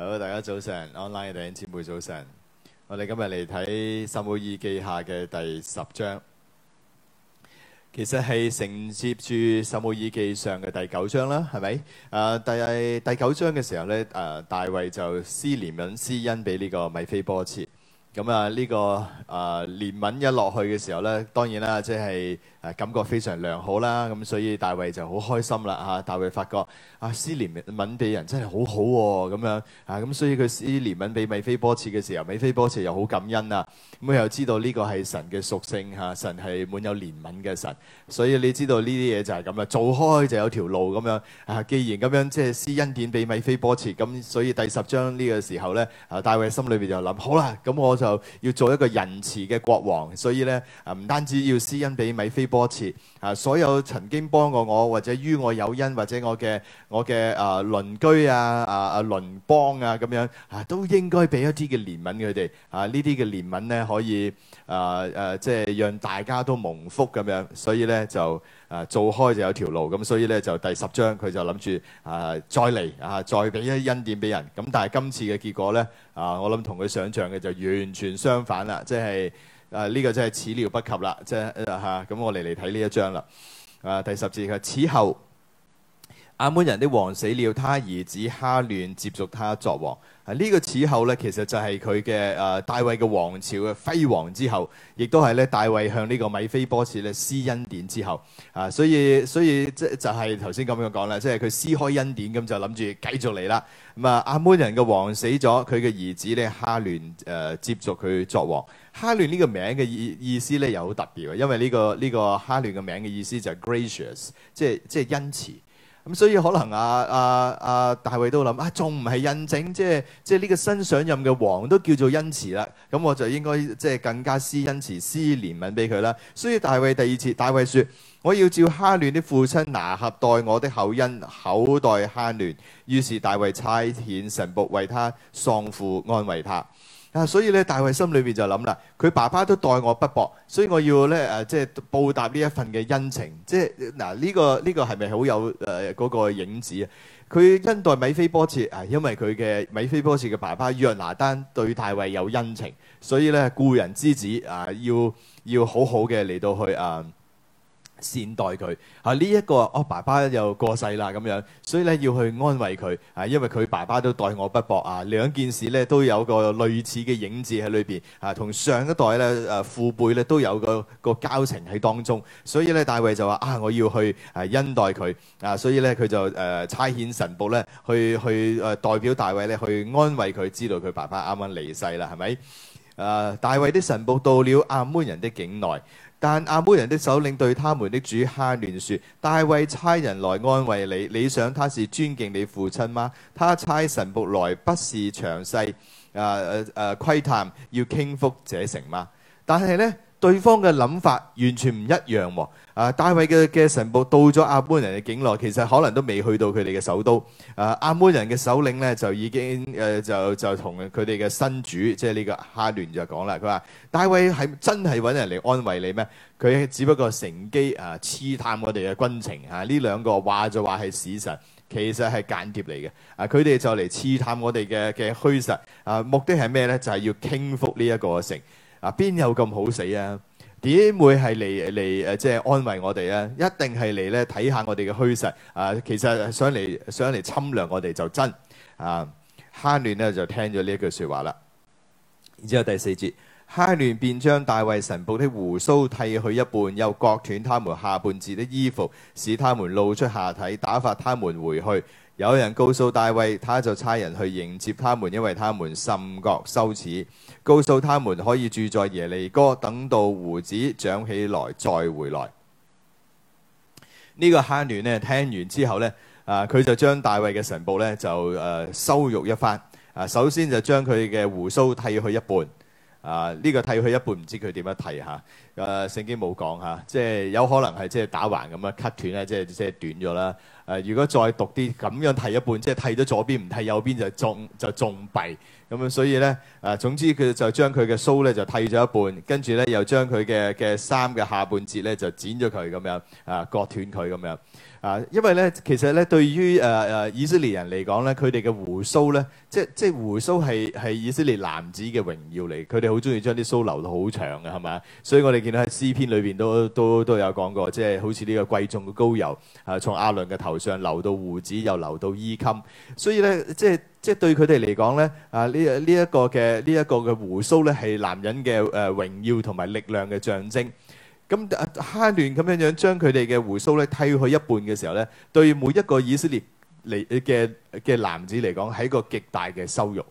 Hello 大家早晨，online 弟兄姊妹早晨。我哋今日嚟睇《撒母耳記下》嘅第十章，其實係承接住《撒母耳記上》嘅第九章啦，係咪？啊，第第九章嘅時候咧，啊，大衛就施憐憫、施恩俾呢個米非波設。咁、這個、啊呢個誒憐憫一落去嘅時候咧，當然啦，即係誒、啊、感覺非常良好啦。咁所以大衛就好開心啦嚇。大、啊、衛發覺啊，施憐啊啊憐憫俾人真係好好咁樣啊。咁所以佢施憐憫俾米非波設嘅時候，米非波設又好感恩啊。咁、嗯、又知道呢個係神嘅屬性吓、啊，神係滿有憐憫嘅神。所以你知道呢啲嘢就係咁啊，做開就有條路咁樣啊。既然咁樣即係施恩典俾米非波設，咁所以第十章呢個時候咧，啊大衛心裏邊就諗好啦，咁我就。就要做一個仁慈嘅國王，所以咧唔、啊、單止要施恩俾米非波設，啊所有曾經幫過我或者於我有恩或者我嘅我嘅啊、呃、鄰居啊啊鄰邦啊咁樣啊，都應該俾一啲嘅憐憫佢哋啊，憐憫呢啲嘅憐憫咧可以啊誒、呃，即係讓大家都蒙福咁樣，所以咧就。啊，做開就有條路，咁所以咧就第十章佢就諗住啊，再嚟啊，再俾一恩典俾人，咁、啊、但係今次嘅結果咧啊，我諗同佢想像嘅就完全相反啦，即係啊呢、這個真係始料不及啦，即係嚇咁我嚟嚟睇呢一章啦，啊第十節佢此後。亞捫人的王死了，他兒子哈嫩接續他作王。啊，呢、這個此後咧，其實就係佢嘅誒大衛嘅王朝嘅輝煌之後，亦都係咧大衛向呢個米非波設咧施恩典之後啊，所以所以即就係頭先咁樣講啦，即係佢施開恩典咁就諗住繼續嚟啦。咁、嗯、啊，亞捫人嘅王死咗，佢嘅兒子咧哈嫩誒、呃、接續佢作王。哈嫩呢個名嘅意意思咧又好特別，因為呢、這個呢、這個哈嫩嘅名嘅意思就係 gracious，即係即係恩慈。咁所以可能啊啊啊大衛都諗啊，仲唔係印證？即係即係呢個新上任嘅王都叫做恩慈啦。咁、嗯、我就應該即係更加施恩慈，施憐憫俾佢啦。所以大衛第二次，大衛說：我要照哈亂的父親拿轄代我的厚恩，厚待哈亂。於是大衛差遣臣僕為他喪父安慰他。啊，所以咧，大衛心裏邊就諗啦，佢爸爸都待我不薄，所以我要咧，誒、啊，即係報答呢一份嘅恩情，即係嗱，呢、啊這個呢、這個係咪好有誒嗰、啊那個影子啊？佢因待米非波設，係、啊、因為佢嘅米非波設嘅爸爸約拿丹對大衛有恩情，所以咧故人之子啊，要要好好嘅嚟到去啊。善待佢啊！呢一個哦，爸爸又過世啦咁樣，所以咧要去安慰佢啊，因為佢爸爸都待我不薄啊。兩件事咧都有個類似嘅影子喺裏邊啊，同上一代咧誒、啊、父輩咧都有個個交情喺當中，所以咧大衛就話啊，我要去誒恩待佢啊，所以咧佢就誒差、啊、遣神僕咧去去誒、啊、代表大衛咧去安慰佢，知道佢爸爸啱啱離世啦，係咪？誒、啊、大衛的神僕到了亞捫人的境內。但亞捫人的首領對他們的主哈嫩説：大衛差人來安慰你，你想他是尊敬你父親嗎？他差神僕來不是詳細誒誒誒窺探，要傾覆這城嗎？但係咧，對方嘅諗法完全唔一樣喎、哦。啊！大衛嘅嘅神兵到咗亞捫人嘅境內，其實可能都未去到佢哋嘅首都。啊！亞捫人嘅首領咧就已經誒、呃、就就同佢哋嘅新主，即係呢個哈嫩就講啦。佢話：大衛係真係揾人嚟安慰你咩？佢只不過乘機啊，刺探我哋嘅軍情啊！呢兩個話就話係使臣，其實係間諜嚟嘅。啊！佢哋就嚟刺探我哋嘅嘅虛實啊！目的係咩咧？就係、是、要傾覆呢一個城啊！邊有咁好死啊？點會係嚟嚟誒？即係安慰我哋咧，一定係嚟咧睇下我哋嘅虛實。啊，其實想嚟想嚟侵略我哋就真。啊，哈亂呢就聽咗呢一句説話啦。然之後第四節，哈亂便將大衛臣僕的鬍鬚剃去一半，又割斷他們下半截的衣服，使他們露出下體，打發他們回去。有人告訴大衛，他就差人去迎接他們，因為他們甚覺羞恥。告訴他們可以住在耶利哥，等到胡子長起來再回來。呢、這個哈亂咧，聽完之後呢啊，佢就將大衛嘅臣僕呢就誒羞、呃、辱一番。啊，首先就將佢嘅胡鬚剃去一半。啊，呢、這個剃去一半唔知佢點樣剃嚇。啊，聖經冇講嚇，即係有可能係即係打橫咁樣 cut 斷即係即係短咗啦。誒，如果再讀啲咁樣剃一半，即係剃咗左邊，唔剃右邊就中就中弊咁樣，所以咧誒、呃，總之佢就將佢嘅鬚咧就剃咗一半，跟住咧又將佢嘅嘅衫嘅下半截咧就剪咗佢咁樣，啊割斷佢咁樣。啊，因為咧，其實咧，對於誒誒、啊啊、以色列人嚟講咧，佢哋嘅胡鬚咧，即即胡鬚係係以色列男子嘅榮耀嚟，佢哋好中意將啲鬚留到好長嘅，係咪？所以我哋見到喺詩篇裏邊都都都都有講過，即係好似呢個貴重嘅膏油，啊，從亞倫嘅頭上流到胡子，又流到衣襟，所以咧，即即對佢哋嚟講咧，啊呢呢一個嘅呢一個嘅鬍鬚咧，係男人嘅誒榮耀同埋力量嘅象徵。咁啊，慳亂咁樣樣將佢哋嘅鬍鬚咧，剃去一半嘅時候咧，對每一個以色列嚟嘅嘅男子嚟講，係一個極大嘅羞辱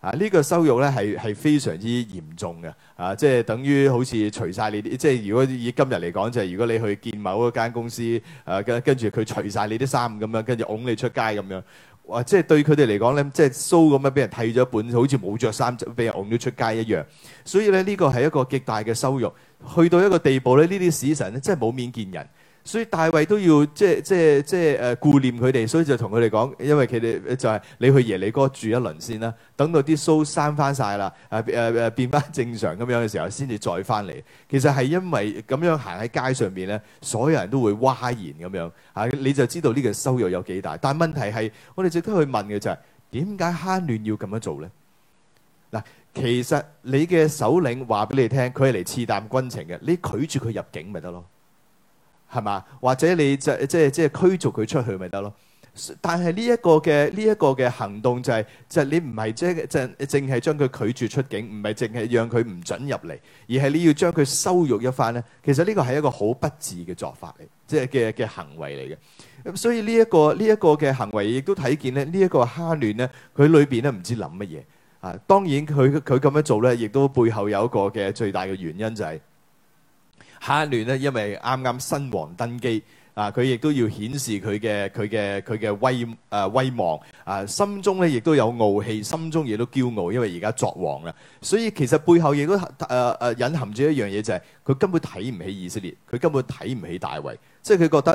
啊！呢個羞辱咧係係非常之嚴重嘅啊！即係等於好似除曬你啲，即係如果以今日嚟講，就係如果你去見某一間公司誒，跟跟住佢除曬你啲衫咁樣，跟住拱你出街咁樣。或即係對佢哋嚟講咧，即係蘇咁樣俾人剃咗一半，好似冇着衫就俾人㧬咗出街一樣。所以咧，呢個係一個極大嘅羞辱。去到一個地步咧，呢啲死神咧真係冇面見人。所以大衛都要即係即係即係誒，顧念佢哋，所以就同佢哋講，因為佢哋就係、是、你去耶利哥住一輪先啦，等到啲鬚生翻晒啦，誒誒誒變翻正常咁樣嘅時候，先至再翻嚟。其實係因為咁樣行喺街上面咧，所有人都會嘩然咁樣嚇、啊，你就知道呢個羞辱有幾大。但係問題係，我哋值得去問嘅就係點解哈嫩要咁樣做咧？嗱，其實你嘅首領話俾你聽，佢係嚟刺探軍情嘅，你拒絕佢入境咪得咯？係嘛？或者你就即係即係驅逐佢出去咪得咯？但係呢一個嘅呢一個嘅行動就係即係你唔係即係即係淨係將佢拒絕出境，唔係淨係讓佢唔准入嚟，而係你要將佢羞辱一番咧。其實呢個係一個好不智嘅做法嚟，即係嘅嘅行為嚟嘅。咁所以呢一個呢一個嘅行為亦都睇見咧，這個、呢一個哈嫩咧，佢裏邊咧唔知諗乜嘢啊！當然佢佢咁樣做咧，亦都背後有一個嘅最大嘅原因就係、是。哈嫩咧，因為啱啱新王登基，啊佢亦都要顯示佢嘅佢嘅佢嘅威誒、呃、威望，啊心中咧亦都有傲氣，心中亦都驕傲，因為而家作王啦。所以其實背後亦都誒誒隱含住一樣嘢，就係、是、佢根本睇唔起以色列，佢根本睇唔起大衛，即係佢覺得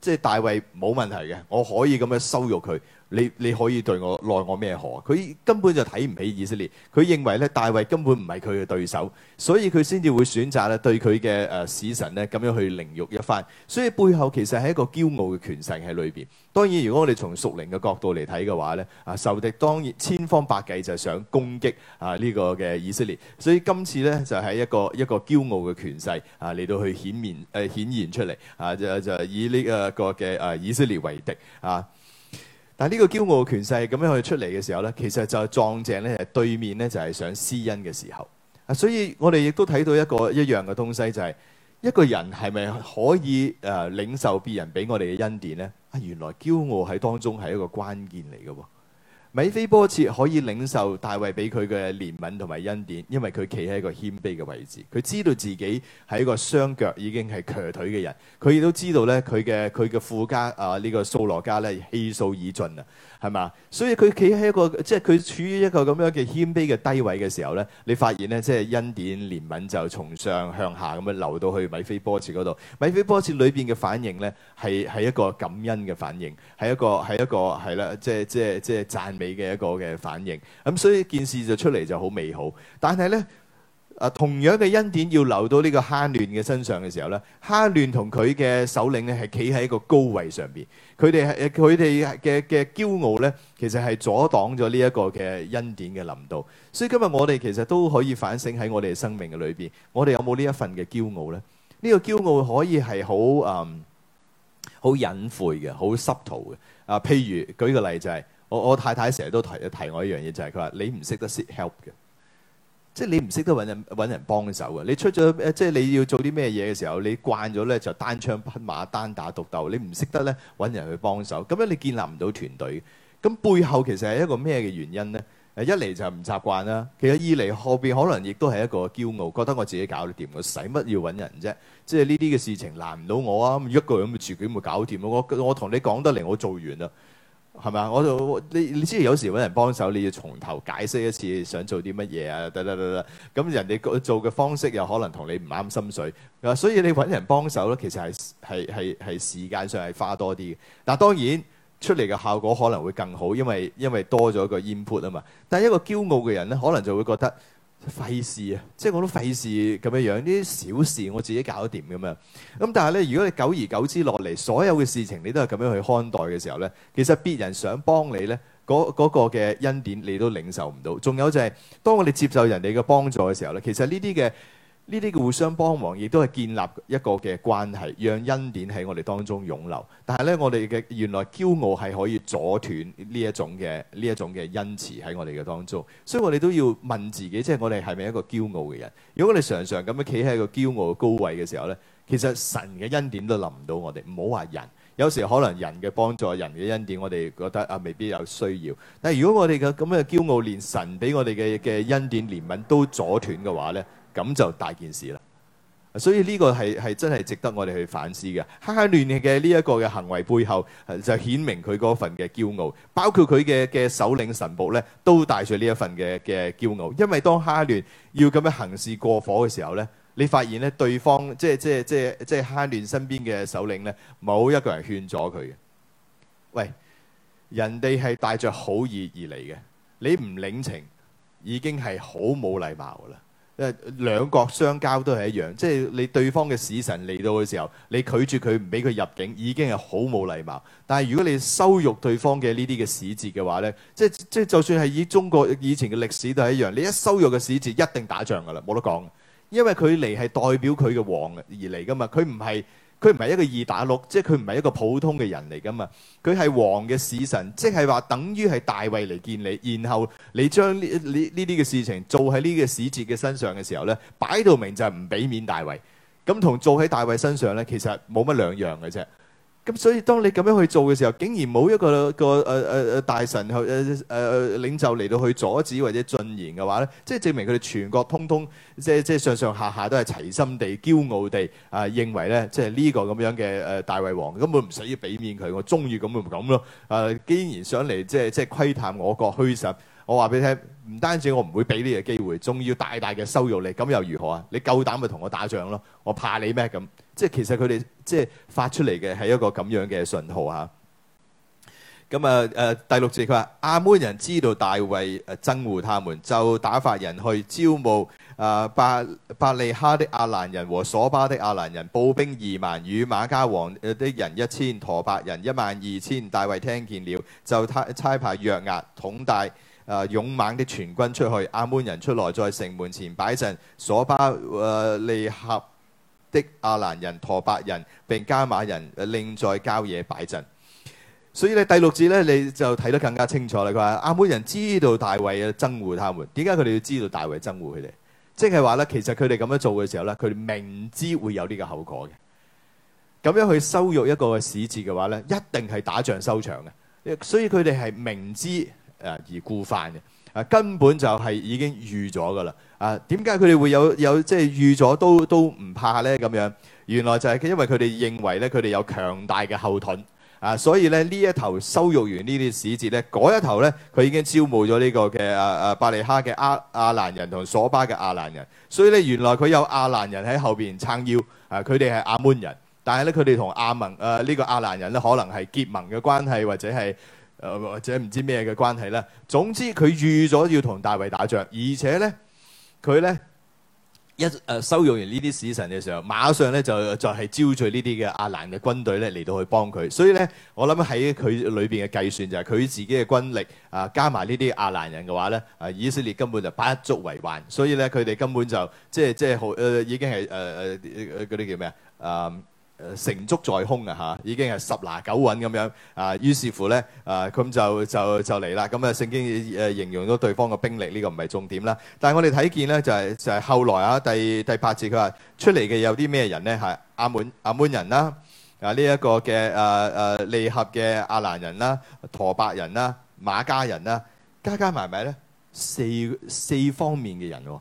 即係、就是、大衛冇問題嘅，我可以咁樣羞辱佢。你你可以對我奈我咩何？佢根本就睇唔起以色列，佢認為咧，大衛根本唔係佢嘅對手，所以佢先至會選擇咧對佢嘅誒使臣咧咁樣去凌辱一番。所以背後其實係一個驕傲嘅權勢喺裏邊。當然，如果我哋從屬靈嘅角度嚟睇嘅話咧，啊，仇敵當然千方百計就係想攻擊啊呢、這個嘅以色列。所以今次咧就係、是、一個一個驕傲嘅權勢啊嚟到去顯面誒、呃、顯現出嚟啊就就以呢個嘅誒、啊、以，以色列為敵啊。但係呢個驕傲嘅權勢咁樣去出嚟嘅時候咧，其實就係撞正咧，係對面咧就係想施恩嘅時候。啊，所以我哋亦都睇到一個一樣嘅東西，就係、是、一個人係咪可以誒領受別人俾我哋嘅恩典咧？啊，原來驕傲喺當中係一個關鍵嚟嘅喎。米非波設可以領受大衛俾佢嘅憐憫同埋恩典，因為佢企喺一個謙卑嘅位置。佢知道自己係一個雙腳已經係瘸腿嘅人，佢亦都知道咧，佢嘅佢嘅父家啊呢個掃羅家咧氣數已盡啊，係嘛？所以佢企喺一個即係佢處於一個咁樣嘅謙卑嘅低位嘅時候咧，你發現咧即係恩典憐憫就從上向下咁樣流到去米非波設嗰度。米非波設裏邊嘅反應咧係係一個感恩嘅反應，係一個係一個係啦，即係即係即係讚美嘅一個嘅反應，咁所以件事就出嚟就好美好。但係咧，啊同樣嘅恩典要流到呢個哈嫩嘅身上嘅時候咧，哈嫩同佢嘅首領咧係企喺一個高位上邊，佢哋係佢哋嘅嘅驕傲咧，其實係阻擋咗呢一個嘅恩典嘅臨到。所以今日我哋其實都可以反省喺我哋嘅生命嘅裏邊，我哋有冇呢一份嘅驕傲咧？呢個驕傲可以係好嗯，好隱晦嘅，好濕途嘅。啊，譬如舉個例就係。我我太太成日都提提我一樣嘢，就係佢話：你唔識得 sit help 嘅，即係你唔識得揾人揾人幫手嘅。你出咗，即係你要做啲咩嘢嘅時候，你慣咗呢，就單槍匹馬、單打獨鬥，你唔識得呢，揾人去幫手，咁樣你建立唔到團隊。咁背後其實係一個咩嘅原因呢？一嚟就唔習慣啦。其實二嚟後邊可能亦都係一個驕傲，覺得我自己搞得掂，我使乜要揾人啫？即係呢啲嘅事情難唔到我啊，一個人，自己咪搞掂。我我同你講得嚟，我做完啦。係咪啊？我就你，你知有時揾人幫手，你要從頭解釋一次想做啲乜嘢啊，得得得得。咁人哋做嘅方式又可能同你唔啱心水，所以你揾人幫手咧，其實係係係係時間上係花多啲嘅。但當然出嚟嘅效果可能會更好，因為因為多咗個 input 啊嘛。但係一個驕傲嘅人咧，可能就會覺得。費事啊！即係我都費事咁樣樣啲小事，我自己搞掂咁樣。咁但係咧，如果你久而久之落嚟，所有嘅事情你都係咁樣去看待嘅時候咧，其實別人想幫你咧，嗰、嗰個嘅恩典你都領受唔到。仲有就係、係、當我哋接受人哋嘅幫助嘅時候咧，其實呢啲嘅。呢啲嘅互相幫忙，亦都係建立一個嘅關係，讓恩典喺我哋當中湧流。但係呢，我哋嘅原來驕傲係可以阻斷呢一種嘅呢一種嘅恩慈喺我哋嘅當中。所以我哋都要問自己，即係我哋係咪一個驕傲嘅人？如果我哋常常咁樣企喺一個驕傲嘅高位嘅時候呢，其實神嘅恩典都臨唔到我哋。唔好話人，有時可能人嘅幫助、人嘅恩典，我哋覺得啊，未必有需要。但係如果我哋嘅咁嘅驕傲，連神俾我哋嘅嘅恩典、憐憫都阻斷嘅話呢。咁就大件事啦，所以呢個係係真係值得我哋去反思嘅。哈哈嫩嘅呢一個嘅行為背後，就顯明佢嗰份嘅驕傲，包括佢嘅嘅首領神僕咧，都帶住呢一份嘅嘅驕傲。因為當哈哈嫩要咁樣行事過火嘅時候咧，你發現咧對方即係即係即係即係哈哈嫩身邊嘅首領咧，冇一個人勸阻佢嘅。喂，人哋係帶着好意而嚟嘅，你唔領情已經係好冇禮貌噶啦。誒兩國相交都係一樣，即係你對方嘅使臣嚟到嘅時候，你拒絕佢，唔俾佢入境，已經係好冇禮貌。但係如果你羞辱對方嘅呢啲嘅使節嘅話咧，即係即係就算係以中國以前嘅歷史都係一樣，你一羞辱嘅使節一定打仗㗎啦，冇得講。因為佢嚟係代表佢嘅王而嚟㗎嘛，佢唔係。佢唔係一個二打六，即係佢唔係一個普通嘅人嚟噶嘛。佢係王嘅使臣，即係話等於係大衛嚟見你。然後你將呢呢呢啲嘅事情做喺呢個使節嘅身上嘅時候咧，擺到明就係唔俾面大衛。咁同做喺大衛身上咧，其實冇乜兩樣嘅啫。咁、嗯、所以當你咁樣去做嘅時候，竟然冇一個一個誒誒誒大臣去誒誒誒領袖嚟到去阻止或者進言嘅話咧，即係證明佢哋全國通通即係即係上上下下都係齊心地、驕傲地啊、呃，認為咧即係呢個咁樣嘅誒大衛王根本唔使要俾面佢，我中意咁就咁咯。誒、呃，既然想嚟即係即係窺探我國虛實。我話俾你聽，唔單止我唔會俾呢個機會，仲要大大嘅羞辱你，咁又如何啊？你夠膽咪同我打仗咯！我怕你咩？咁？即係其實佢哋即係發出嚟嘅係一個咁樣嘅訊號吓，咁啊誒、啊、第六節佢話亞捫人知道大衛誒憎惡他們，就打發人去招募啊伯伯利哈的亞蘭人和索巴的亞蘭人，步兵二萬與馬家王的人一千，陀伯人一萬二千。大衛聽見了，就差差派約押統帶。啊、呃，勇猛的全軍出去，阿門人出來在城門前擺陣，所巴誒、呃、利合的阿蘭人、陀伯人並加瑪人，另在郊野擺陣。所以你第六節咧，你就睇得更加清楚啦。佢話阿門人知道大衛嘅憎惡他們，點解佢哋要知道大衛憎惡佢哋？即係話咧，其實佢哋咁樣做嘅時候咧，佢哋明知會有呢個後果嘅。咁樣去羞辱一個使節嘅話咧，一定係打仗收場嘅。所以佢哋係明知。誒而故犯嘅，誒、啊、根本就係已經預咗噶啦。誒點解佢哋會有有即係預咗都都唔怕咧？咁樣原來就係因為佢哋認為咧，佢哋有強大嘅後盾。誒、啊、所以咧，呢一頭羞辱完呢啲使節咧，嗰一頭咧，佢已經招募咗呢個嘅誒誒伯利哈嘅阿亞蘭人同索巴嘅阿蘭人。所以咧，原來佢有阿蘭人喺後邊撐腰。誒，佢哋係阿門人，但係咧，佢哋同阿民誒呢個阿蘭人咧，可能係結盟嘅關係或者係。誒或者唔知咩嘅關係咧，總之佢預咗要同大衛打仗，而且咧佢咧一誒、呃、收容完呢啲使臣嘅時候，馬上咧就就係、是、招聚呢啲嘅亞蘭嘅軍隊咧嚟到去幫佢。所以咧，我諗喺佢裏邊嘅計算就係、是、佢自己嘅軍力啊、呃，加埋呢啲亞蘭人嘅話咧，啊、呃、以色列根本就不足為患。所以咧，佢哋根本就即係即係好誒，已經係誒誒嗰啲叫咩啊？呃成竹在胸啊！嚇，已經係十拿九穩咁樣啊。於是乎咧，啊咁就就就嚟啦。咁、嗯、啊，聖經誒形容咗對方嘅兵力，呢、這個唔係重點啦。但係我哋睇見咧，就係、是、就係、是、後來啊，第第八節佢話出嚟嘅有啲咩人咧？嚇、啊，亞捫亞捫人啦、啊，啊呢一、這個嘅誒誒利合嘅亞蘭人啦、啊，陀伯人啦、啊，瑪迦人啦、啊，加加埋埋咧，四四方面嘅人、哦。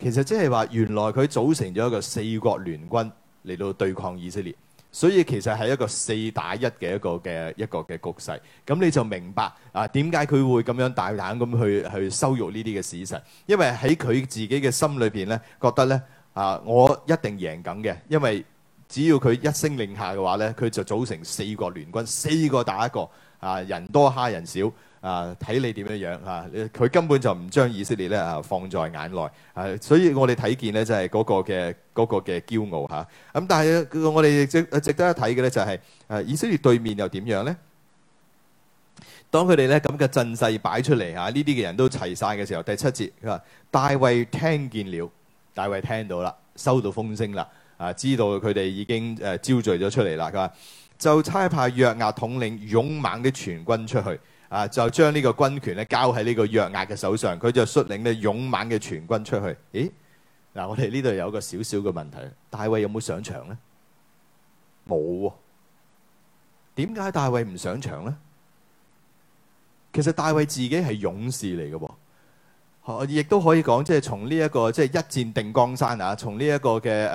其實即係話，原來佢組成咗一個四國聯軍。嚟到對抗以色列，所以其實係一個四打一嘅一個嘅一個嘅局勢。咁你就明白啊，點解佢會咁樣大膽咁去去羞辱呢啲嘅使臣？因為喺佢自己嘅心裏邊呢，覺得呢，啊，我一定贏緊嘅。因為只要佢一聲令下嘅話呢，佢就組成四國聯軍，四個打一個啊，人多蝦人少。啊！睇你點樣樣啊！佢根本就唔將以色列咧啊放在眼內啊！所以我哋睇見咧，就係嗰個嘅嗰個嘅驕傲嚇。咁、啊、但係、啊、我哋值值得一睇嘅咧，就係啊以色列對面又點樣咧？當佢哋咧咁嘅陣勢擺出嚟嚇，呢啲嘅人都齊晒嘅時候，第七節佢話：大、啊、衛聽見了，大衛聽到啦，收到風聲啦，啊知道佢哋已經誒招、啊、聚咗出嚟啦。佢、啊、話就差派約押統領勇猛啲全軍出去。啊！就將呢個軍權咧交喺呢個約押嘅手上，佢就率領呢勇猛嘅全軍出去。咦？嗱，我哋呢度有個少少嘅問題，大衛有冇上場呢？冇喎、啊。點解大衛唔上場呢？其實大衛自己係勇士嚟嘅喎，亦、啊、都可以講即係從呢、這、一個即係、就是、一戰定江山啊！從呢一個嘅誒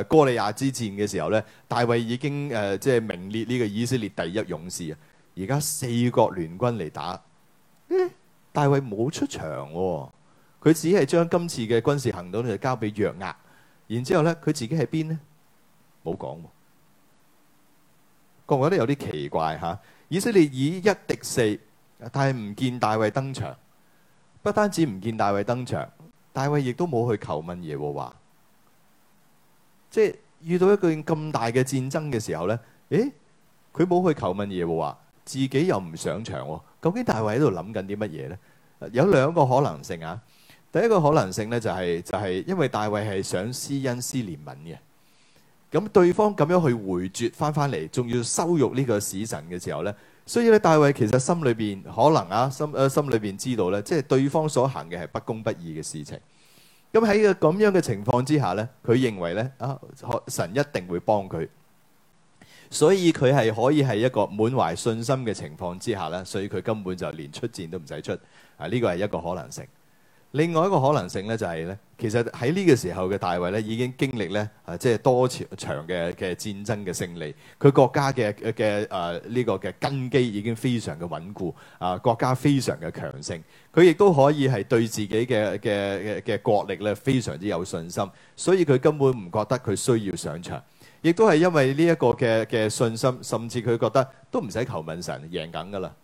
誒哥利亞之戰嘅時候咧，大衛已經誒即係名列呢個以色列第一勇士啊！而家四國聯軍嚟打，嗯、大衛冇出場、哦，佢只係將今次嘅軍事行動咧就交俾約押，然之後咧佢自己喺邊呢？冇講、哦，個個都有啲奇怪吓。以色列以一敵四，但係唔見大衛登場，不單止唔見大衛登場，大衛亦都冇去求問耶和華，即係遇到一個咁大嘅戰爭嘅時候咧，誒，佢冇去求問耶和華。自己又唔上場，究竟大衛喺度諗緊啲乜嘢呢？有兩個可能性啊。第一個可能性呢、就係，就係就係，因為大衛係想施恩施憐憫嘅，咁對方咁樣去回絕翻翻嚟，仲要羞辱呢個使臣嘅時候呢。所以咧大衛其實心裏邊可能啊心誒心裏邊知道咧，即係對方所行嘅係不公不義嘅事情。咁喺個咁樣嘅情況之下呢，佢認為呢，啊，神一定會幫佢。所以佢係可以係一個滿懷信心嘅情況之下咧，所以佢根本就連出戰都唔使出啊！呢個係一個可能性。另外一個可能性咧就係咧，其實喺呢個時候嘅大衛咧已經經歷咧啊，即係多場嘅嘅戰爭嘅勝利，佢國家嘅嘅誒呢個嘅根基已經非常嘅穩固啊，國家非常嘅強盛，佢亦都可以係對自己嘅嘅嘅嘅國力咧非常之有信心，所以佢根本唔覺得佢需要上場。亦都係因為呢一個嘅嘅信心，甚至佢覺得都唔使求問神贏梗噶啦。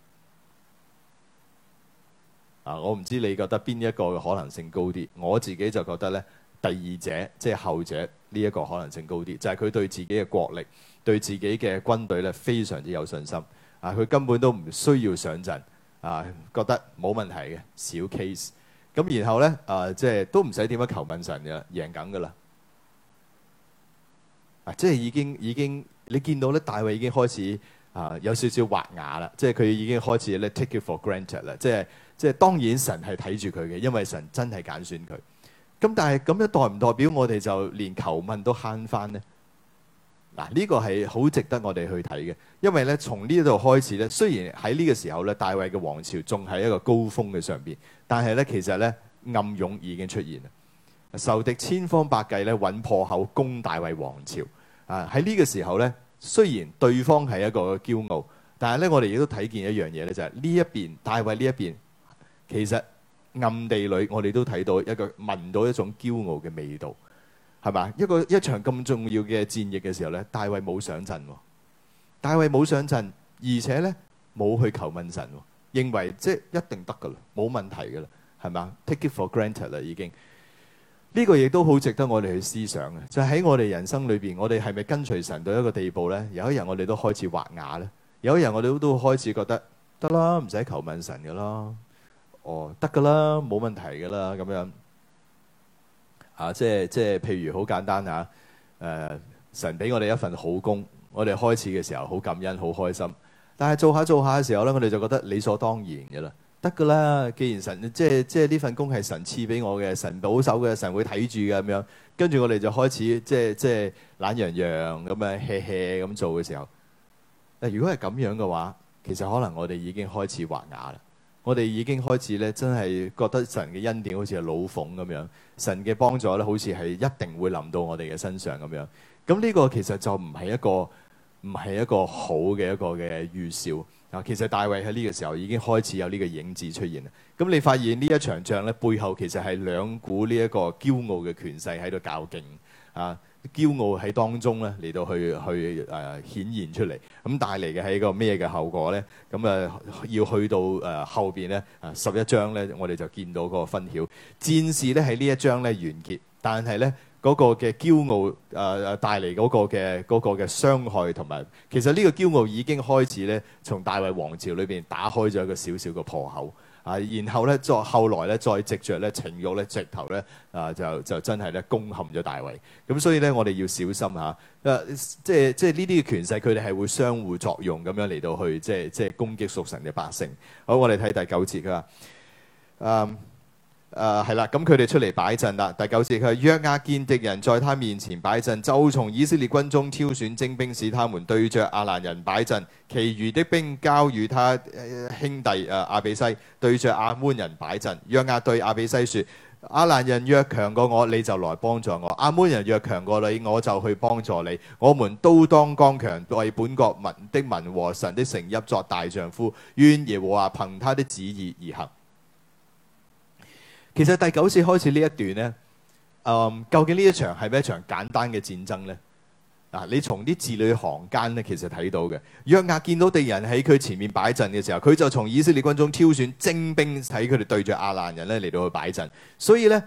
啊，我唔知你覺得邊一個嘅可能性高啲？我自己就覺得呢，第二者即係後者呢一個可能性高啲，就係佢對自己嘅國力、對自己嘅軍隊呢非常之有信心。啊，佢根本都唔需要上陣啊，覺得冇問題嘅小 case。咁然後呢，啊，即係都唔使點樣求問神嘅贏梗噶啦。啊！即係已經，已經你見到咧，大衛已經開始啊、呃，有少少滑牙啦。即係佢已經開始咧 take it for granted 啦。即係即係，當然神係睇住佢嘅，因為神真係揀選佢。咁但係咁樣代唔代表我哋就連求問都慳翻呢？嗱，呢個係好值得我哋去睇嘅，因為咧從呢度開始咧，雖然喺呢個時候咧大衛嘅王朝仲喺一個高峰嘅上邊，但係咧其實咧暗湧已經出現啦。仇敵千方百計咧，揾破口攻大衛王朝啊！喺呢個時候呢，雖然對方係一個驕傲，但係呢，我哋亦都睇見一樣嘢呢，就係、是、呢一邊大衛呢一邊其實暗地裏我哋都睇到一個聞到一種驕傲嘅味道係嘛？一個一場咁重要嘅戰役嘅時候呢，大衛冇上陣、哦，大衛冇上陣，而且呢，冇去求問神、哦，認為即係一定得噶啦，冇問題噶啦，係嘛？Take it for granted 啦，已經。呢個亦都好值得我哋去思想嘅，就喺、是、我哋人生裏邊，我哋係咪跟隨神到一個地步呢？有一日我哋都開始滑雅呢，有一日我哋都都開始覺得，得啦，唔使求問神嘅啦，哦，得噶啦，冇問題噶啦，咁樣啊，即係即係譬如好簡單嚇，誒、啊，神俾我哋一份好工，我哋開始嘅時候好感恩、好開心，但係做下做下嘅時候呢，我哋就覺得理所當然嘅啦。得噶啦！既然神即係即係呢份工係神賜俾我嘅，神保守嘅，神會睇住嘅咁樣。跟住我哋就開始即係即係懶洋洋咁樣，嘿嘿咁做嘅時候。誒，如果係咁樣嘅話，其實可能我哋已經開始滑牙啦。我哋已經開始咧，真係覺得神嘅恩典好似係老奉咁樣，神嘅幫助咧好似係一定會臨到我哋嘅身上咁樣。咁呢個其實就唔係一個唔係一個好嘅一個嘅預兆。啊，其實大衛喺呢個時候已經開始有呢個影子出現啦。咁你發現呢一場仗呢，背後其實係兩股呢一個驕傲嘅權勢喺度較勁啊，驕傲喺當中呢，嚟到去去誒、呃、顯現出嚟，咁帶嚟嘅係一個咩嘅後果呢？咁誒要去到誒、呃、後邊呢，啊十一章呢，我哋就見到個分曉，戰事咧喺呢一章呢，完結。但係咧，嗰、那個嘅驕傲，誒、呃、誒，帶嚟嗰個嘅嗰個嘅傷害同埋，其實呢個驕傲已經開始咧，從大衛王朝裏邊打開咗一個小小嘅破口啊！然後咧，再後來咧，再藉着咧情慾咧，直頭咧啊，就就真係咧攻陷咗大衛。咁所以咧，我哋要小心吓。誒、啊，即係即係呢啲嘅權勢，佢哋係會相互作用咁樣嚟到去，即係即係攻擊屬神嘅百姓。好，我哋睇第九節啊。嗯。誒，係啦，咁佢哋出嚟擺陣啦。第九節係約押、啊、見敵人在他面前擺陣，就從以色列軍中挑選精兵，使他們對着亞蘭人擺陣，其餘的兵交與他、呃、兄弟誒亞、呃、比篩對着亞捫人擺陣。約押、啊、對亞比篩説，亞蘭人若強過我，你就來幫助我；亞捫人若強過你，我就去幫助你。我們都當剛強，為本國民的民和神的城邑作大丈夫。願耶和華憑他的旨意而行。其實第九次開始呢一段呢，誒、嗯、究竟呢一場係咪一場簡單嘅戰爭呢？嗱、啊，你從啲字裏行間咧，其實睇到嘅。約押見到敵人喺佢前面擺陣嘅時候，佢就從以色列軍中挑選精兵睇佢哋對住亞蘭人咧嚟到去擺陣。所以呢，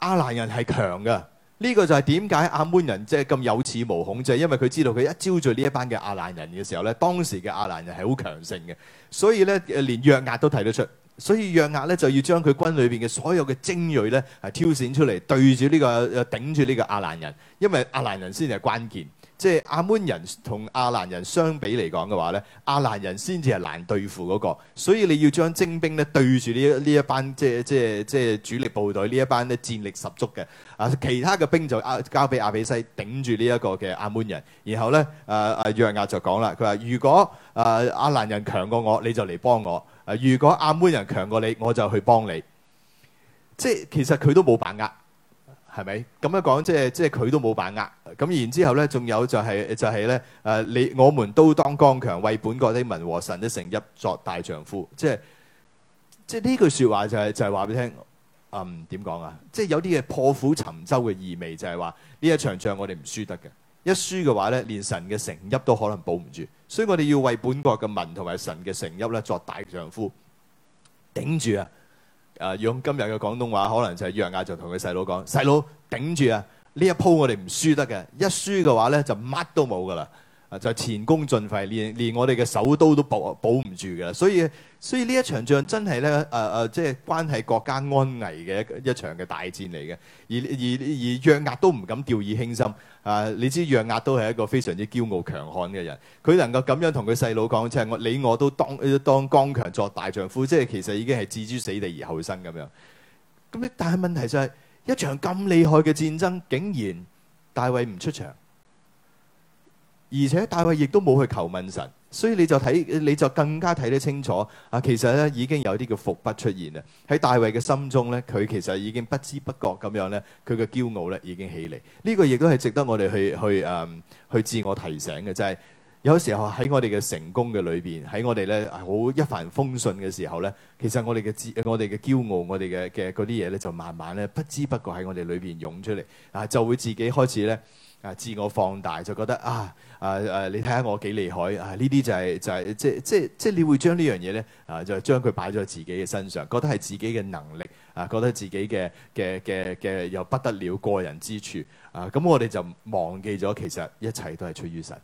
亞蘭人係強嘅。呢、這個就係點解亞捫人即係咁有恃無恐，就係因為佢知道佢一招攰呢一班嘅亞蘭人嘅時候咧，當時嘅亞蘭人係好強盛嘅。所以咧，誒連約押都睇得出。所以約押咧就要將佢軍裏邊嘅所有嘅精鋭咧係挑選出嚟對住呢個誒頂住呢個阿蘭人，因為阿蘭人先至係關鍵，即係阿門人同阿蘭人相比嚟講嘅話咧，阿蘭人先至係難對付嗰個，所以你要將精兵咧對住呢一呢一班即係即係即係主力部隊呢一班咧戰力十足嘅啊，其他嘅兵就阿交俾阿比西頂住呢一個嘅阿門人，然後咧誒誒約押就講啦，佢話如果誒阿蘭人強過我，你就嚟幫我。啊！如果亞捫人強過你，我就去幫你。即係其實佢都冇把握，係咪咁樣講？即係即係佢都冇把握。咁然之後咧，仲有就係、是、就係、是、咧，誒、啊、你我們都當剛強，為本國的民和神的城邑作大丈夫。即係即係呢句説話就係、是、就係話俾你聽。嗯，點講啊？即係有啲嘢破釜沉舟嘅意味，就係話呢一場仗我哋唔輸得嘅。一輸嘅話咧，連神嘅城邑都可能保唔住，所以我哋要為本國嘅民同埋神嘅城邑咧作大丈夫，頂住啊！誒、啊、用今日嘅廣東話，可能就係約押就同佢細佬講：細佬頂住啊！呢一鋪我哋唔輸得嘅，一輸嘅話咧就乜都冇㗎喇。啊！就前功盡廢，連連我哋嘅首都都保保唔住㗎喇，所以所以呢一場仗真係咧，誒、呃、誒、呃，即係關係國家安危嘅一，一場嘅大戰嚟嘅。而而而約押都唔敢掉以輕心。啊，你知約押都係一個非常之驕傲強悍嘅人，佢能夠咁樣同佢細佬講，即係我你我都當當剛強作大丈夫，即係其實已經係置諸死地而後生咁樣。咁但係問題就係、係、一場咁厲害嘅戰爭，竟然大衛唔出場。而且大衛亦都冇去求問神，所以你就睇，你就更加睇得清楚啊。其實咧，已經有啲叫伏筆出現啦。喺大衛嘅心中咧，佢其實已經不知不覺咁樣咧，佢嘅驕傲咧已經起嚟。呢、這個亦都係值得我哋去去誒、嗯、去自我提醒嘅，就係、是、有有時候喺我哋嘅成功嘅裏邊，喺我哋咧好一帆風順嘅時候咧，其實我哋嘅自我哋嘅驕傲，我哋嘅嘅嗰啲嘢咧，就慢慢咧不知不覺喺我哋裏邊湧出嚟啊，就會自己開始咧啊自我放大，就覺得啊。啊啊！你睇下我幾厲害啊！呢啲就係、是、就係即即即你會將呢樣嘢咧啊，就將佢擺咗喺自己嘅身上，覺得係自己嘅能力啊，覺得自己嘅嘅嘅嘅又不得了過人之處啊！咁我哋就忘記咗，其實一切都係出於神。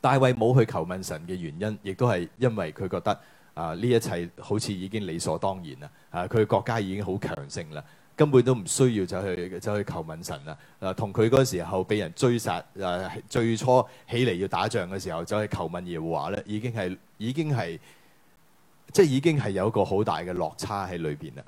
大衛冇去求問神嘅原因，亦都係因為佢覺得啊，呢一切好似已經理所當然啦啊！佢嘅國家已經好強盛啦。根本都唔需要走去就去求問神啦！嗱、啊，同佢嗰時候被人追殺，誒、啊、最初起嚟要打仗嘅時候，走去求問耶和華咧，已經係已經係即係已經係有一個好大嘅落差喺裏邊啦！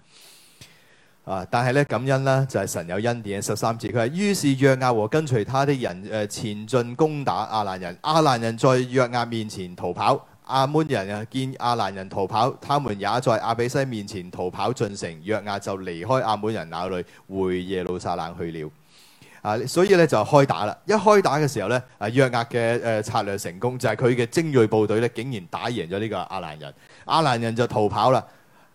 啊，但係咧感恩啦，就係、是、神有恩典。十三節佢係，於是約押和跟隨他的人，誒，前進攻打亞蘭人，亞蘭人在約押面前逃跑。亞捫人啊，見亞蘭人逃跑，他們也在亞比篩面前逃跑進城。約押就離開亞捫人那裏，回耶路撒冷去了。啊，所以咧就開打啦。一開打嘅時候咧，啊約押嘅誒策略成功，就係佢嘅精銳部隊咧，竟然打贏咗呢個亞蘭人。亞蘭人就逃跑啦。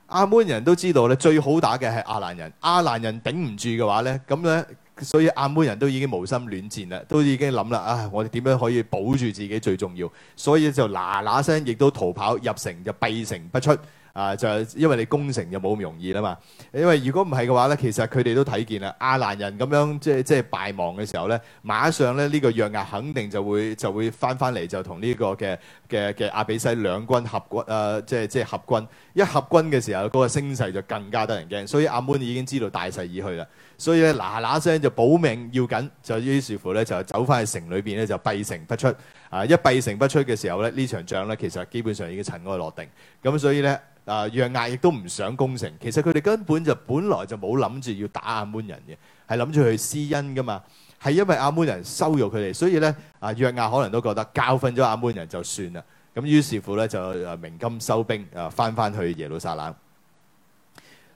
亞捫人都知道咧，最好打嘅係亞蘭人。亞蘭人頂唔住嘅話咧，咁咧。所以亞捫人都已經無心戀戰啦，都已經諗啦，啊，我哋點樣可以保住自己最重要？所以就嗱嗱聲，亦都逃跑入城，就閉城不出。啊、呃，就因為你攻城就冇咁容易啦嘛。因為如果唔係嘅話咧，其實佢哋都睇見啦，亞蘭人咁樣即係即係敗亡嘅時候咧，馬上咧呢、這個約押肯定就會就會翻翻嚟就同呢個嘅嘅嘅亞比篩兩軍合軍啊、呃，即係即係合軍。一合軍嘅時候，嗰、那個聲勢就更加得人驚。所以亞捫已經知道大勢已去啦。所以咧，嗱嗱聲就保命要緊。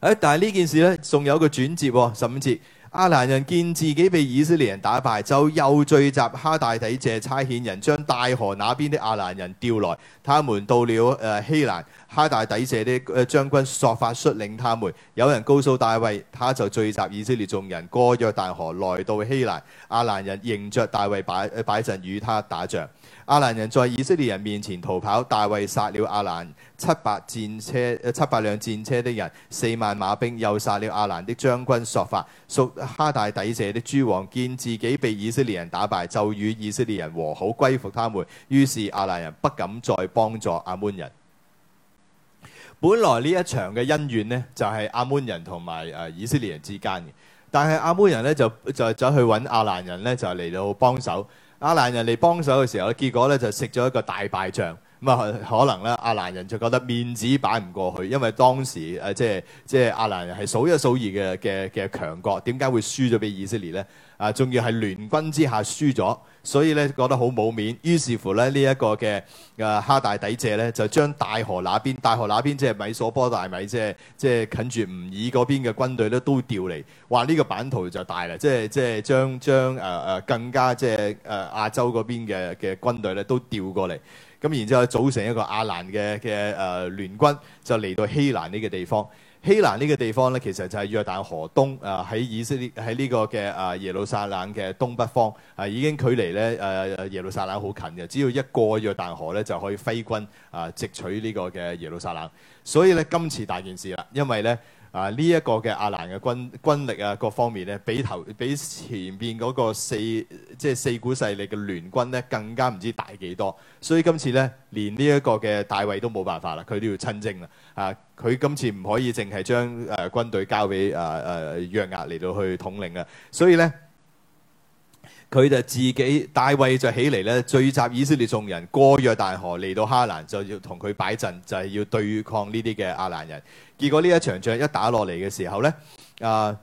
誒，但係呢件事咧，仲有個轉折喎、哦。十五節，亞蘭人見自己被以色列人打敗，就又聚集哈大底謝差遣人將大河那邊的亞蘭人調來。他們到了誒希蘭，哈大底謝的誒將軍朔法率領他們。有人告訴大衛，他就聚集以色列眾人過約大河，來到希蘭。亞蘭人迎着大衛擺擺陣與他打仗。亞蘭人在以色列人面前逃跑，大衛殺了亞蘭七百戰車，誒七百輛戰車的人，四萬馬兵，又殺了亞蘭的將軍朔法。屬哈大底謝的諸王見自己被以色列人打敗，就與以色列人和好，歸服他們。於是亞蘭人不敢再幫助亞捫人。本來呢一場嘅恩怨呢，就係、是、亞捫人同埋誒以色列人之間嘅，但係亞捫人呢，就就走去揾亞蘭人呢，就嚟到幫手。阿蘭人嚟幫手嘅時候，結果呢就食咗一個大敗仗。咁可能呢，阿蘭人就覺得面子擺唔過去，因為當時誒、啊、即係即係阿蘭人係數一數二嘅嘅嘅強國，點解會輸咗俾以色列咧？啊，仲要係聯軍之下輸咗。所以咧覺得好冇面，於是乎咧呢一個嘅誒哈大底謝咧，就將大河那邊大河那邊即係米索波大米即係即係近住吳爾嗰邊嘅軍隊咧都調嚟，話呢個版圖就大啦，即係即係將將誒誒、呃、更加即係誒亞洲嗰邊嘅嘅軍隊咧都調過嚟，咁然之後組成一個亞蘭嘅嘅誒聯軍，就嚟到希蘭呢個地方。希蘭呢個地方咧，其實就係約旦河東，誒喺以色列喺呢個嘅誒耶路撒冷嘅東北方，係已經距離咧誒耶路撒冷好近嘅。只要一過約旦河咧，就可以揮軍啊，直取呢個嘅耶路撒冷。所以咧，今次大件事啦，因為咧。啊！呢、這、一個嘅阿蘭嘅軍軍力啊，各方面咧，比頭比前邊嗰個四即係四股勢力嘅聯軍咧，更加唔知大幾多。所以今次咧，連呢一個嘅大衛都冇辦法啦，佢都要親征啦。啊，佢今次唔可以淨係將誒軍隊交俾誒誒約押嚟到去統領啊。所以咧。佢就自己，大衛就起嚟呢，聚集以色列眾人，過約大河嚟到哈蘭，就要同佢擺陣，就係要對抗呢啲嘅亞蘭人。結果呢一場仗一打落嚟嘅時候呢。啊！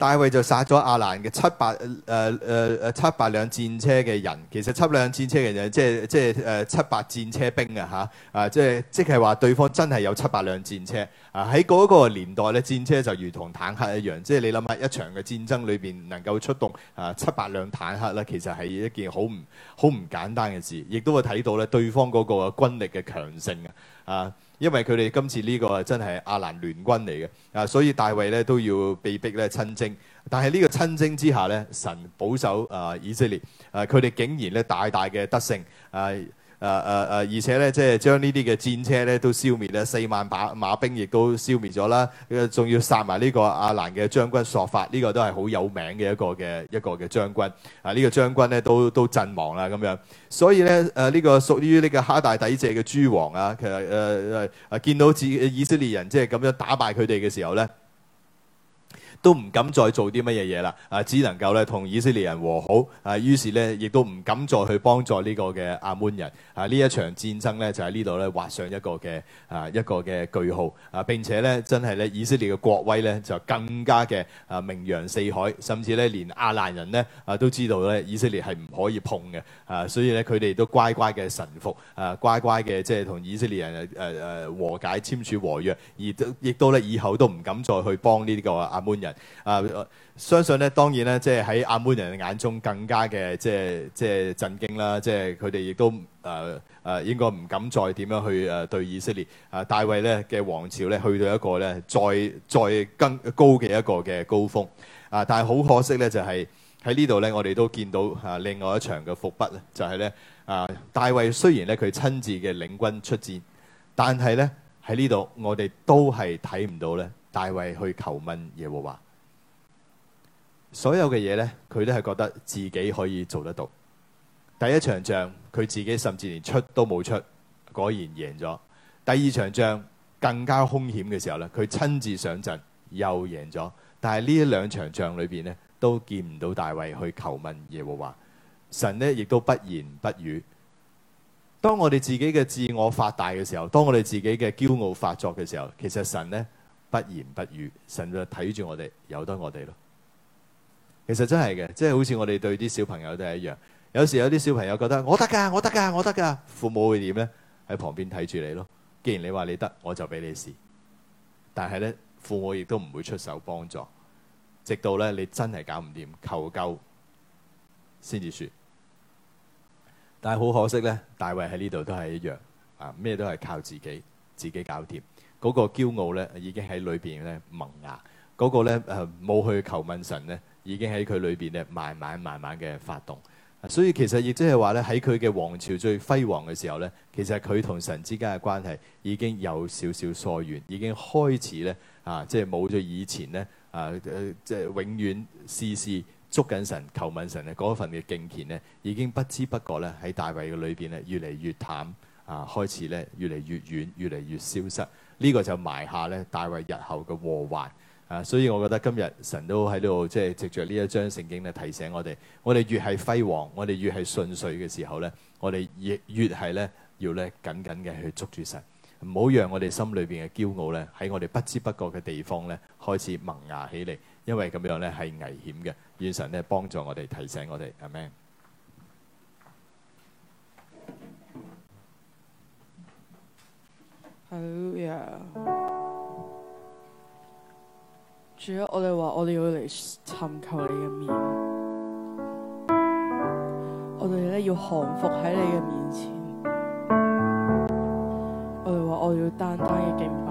大衛就殺咗亞蘭嘅七百誒誒誒七百輛戰車嘅人，其實七,兩戰七，戰、啊、七輛戰車嘅人，即係即係誒七百戰車兵啊嚇啊即係即係話對方真係有七百輛戰車啊，喺嗰個年代咧戰車就如同坦克一樣，即係你諗下一,一場嘅戰爭裏邊能夠出動啊七百輛坦克咧，其實係一件好唔好唔簡單嘅事，亦都會睇到咧對方嗰個軍力嘅強盛啊。因為佢哋今次呢個真係亞蘭聯軍嚟嘅，啊，所以大衛咧都要被逼咧親征。但係呢個親征之下咧，神保守啊以色列，啊，佢哋竟然大大嘅得勝，啊誒誒誒，而且咧，即係將呢啲嘅戰車咧都消滅咧，四萬把馬兵亦都消滅咗啦。仲要殺埋呢個亞蘭嘅將軍朔法，呢、這個都係好有名嘅一個嘅一個嘅將軍。啊，呢、這個將軍咧都都陣亡啦咁樣。所以咧，誒、啊、呢、這個屬於呢個哈大底謝嘅諸王啊，其實誒誒誒，見到自以色列人即係咁樣打敗佢哋嘅時候咧。都唔敢再做啲乜嘢嘢啦，啊，只能夠咧同以色列人和好，啊，於是咧亦都唔敢再去幫助呢個嘅阿門人，啊，呢一場戰爭咧就喺呢度咧畫上一個嘅啊一個嘅句號啊，並且咧真係咧以色列嘅國威咧就更加嘅啊名揚四海，甚至咧連亞蘭人咧啊都知道咧以色列係唔可以碰嘅，啊，所以咧佢哋都乖乖嘅臣服，啊，乖乖嘅即係同以色列人誒誒、啊、和解簽署和約而都亦都咧以後都唔敢再去幫呢個阿門人。啊，相信咧，當然咧，即係喺亞捫人眼中更加嘅，即係即係震驚啦。即係佢哋亦都誒誒、呃呃，應該唔敢再點樣去誒、呃、對以色列啊。大衛咧嘅王朝咧，去到一個咧再再更高嘅一個嘅高峰啊。但係好可惜咧，就係、是、喺呢度咧，我哋都見到啊，另外一場嘅伏筆咧，就係、是、咧啊，大衛雖然咧佢親自嘅領軍出戰，但係咧喺呢度我哋都係睇唔到咧。大衛去求問耶和華，所有嘅嘢呢，佢都係覺得自己可以做得到。第一場仗，佢自己甚至連出都冇出，果然贏咗。第二場仗更加凶險嘅時候呢，佢親自上陣又贏咗。但係呢一兩場仗裏邊呢，都見唔到大衛去求問耶和華，神呢亦都不言不語。當我哋自己嘅自我發大嘅時候，當我哋自己嘅驕傲發作嘅時候，其實神呢。不言不語，甚至睇住我哋，由得我哋咯。其實真係嘅，即係好似我哋對啲小朋友都係一樣。有時有啲小朋友覺得我得㗎，我得㗎，我得㗎，父母會點呢？喺旁邊睇住你咯。既然你話你得，我就俾你試。但係呢，父母亦都唔會出手幫助，直到呢，你真係搞唔掂，求救先至算。但係好可惜呢，大衛喺呢度都係一樣啊！咩都係靠自己，自己搞掂。嗰個驕傲咧，已經喺裏邊咧萌芽。嗰個咧誒冇去求問神咧，已經喺佢裏邊咧慢慢慢慢嘅發動。啊，所以其實亦即係話咧，喺佢嘅王朝最輝煌嘅時候咧，其實佢同神之間嘅關係已經有少少疏遠，已經開始咧啊，即係冇咗以前咧啊，即係永遠事事捉緊神求問神嘅嗰份嘅敬虔咧，已經不知不覺咧喺大衞嘅裏邊咧越嚟越淡啊，開始咧越嚟越遠，越嚟越消失。呢個就埋下咧，大衛日後嘅禍患啊！所以我覺得今日神都喺度，即係藉著呢一章聖經咧，提醒我哋：我哋越係輝煌，我哋越係順遂嘅時候咧，我哋亦越係咧要咧緊緊嘅去捉住神，唔好讓我哋心裏邊嘅驕傲咧喺我哋不知不覺嘅地方咧開始萌芽起嚟，因為咁樣咧係危險嘅。願神咧幫助我哋，提醒我哋，阿們。e 好呀！主啊，我哋話我哋要嚟尋求你嘅面，我哋咧要降服喺你嘅面前，我哋話我哋要單單嘅敬拜。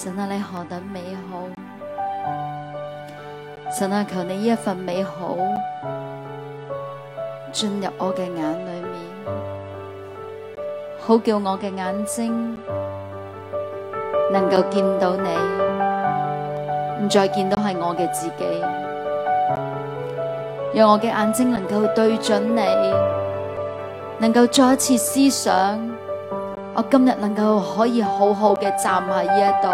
神啊，你何等美好！神啊，求你呢一份美好進入我嘅眼裏面，好叫我嘅眼睛能夠見到你，唔再見到係我嘅自己，讓我嘅眼睛能夠對準你，能夠再一次思想。我今日能夠可以好好嘅站喺呢一度。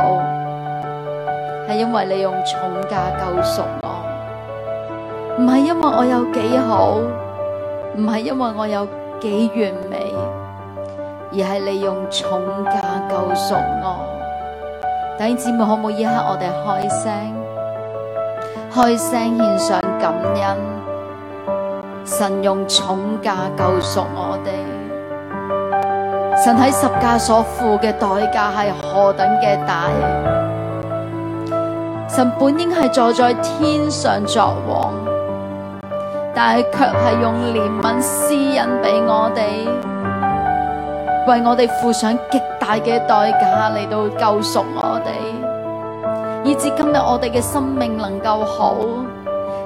神喺十架所付嘅代價係何等嘅大。神本應係坐在天上作王，但係卻係用憐憫施恩俾我哋，為我哋付上極大嘅代價嚟到救贖我哋，以至今日我哋嘅生命能夠好，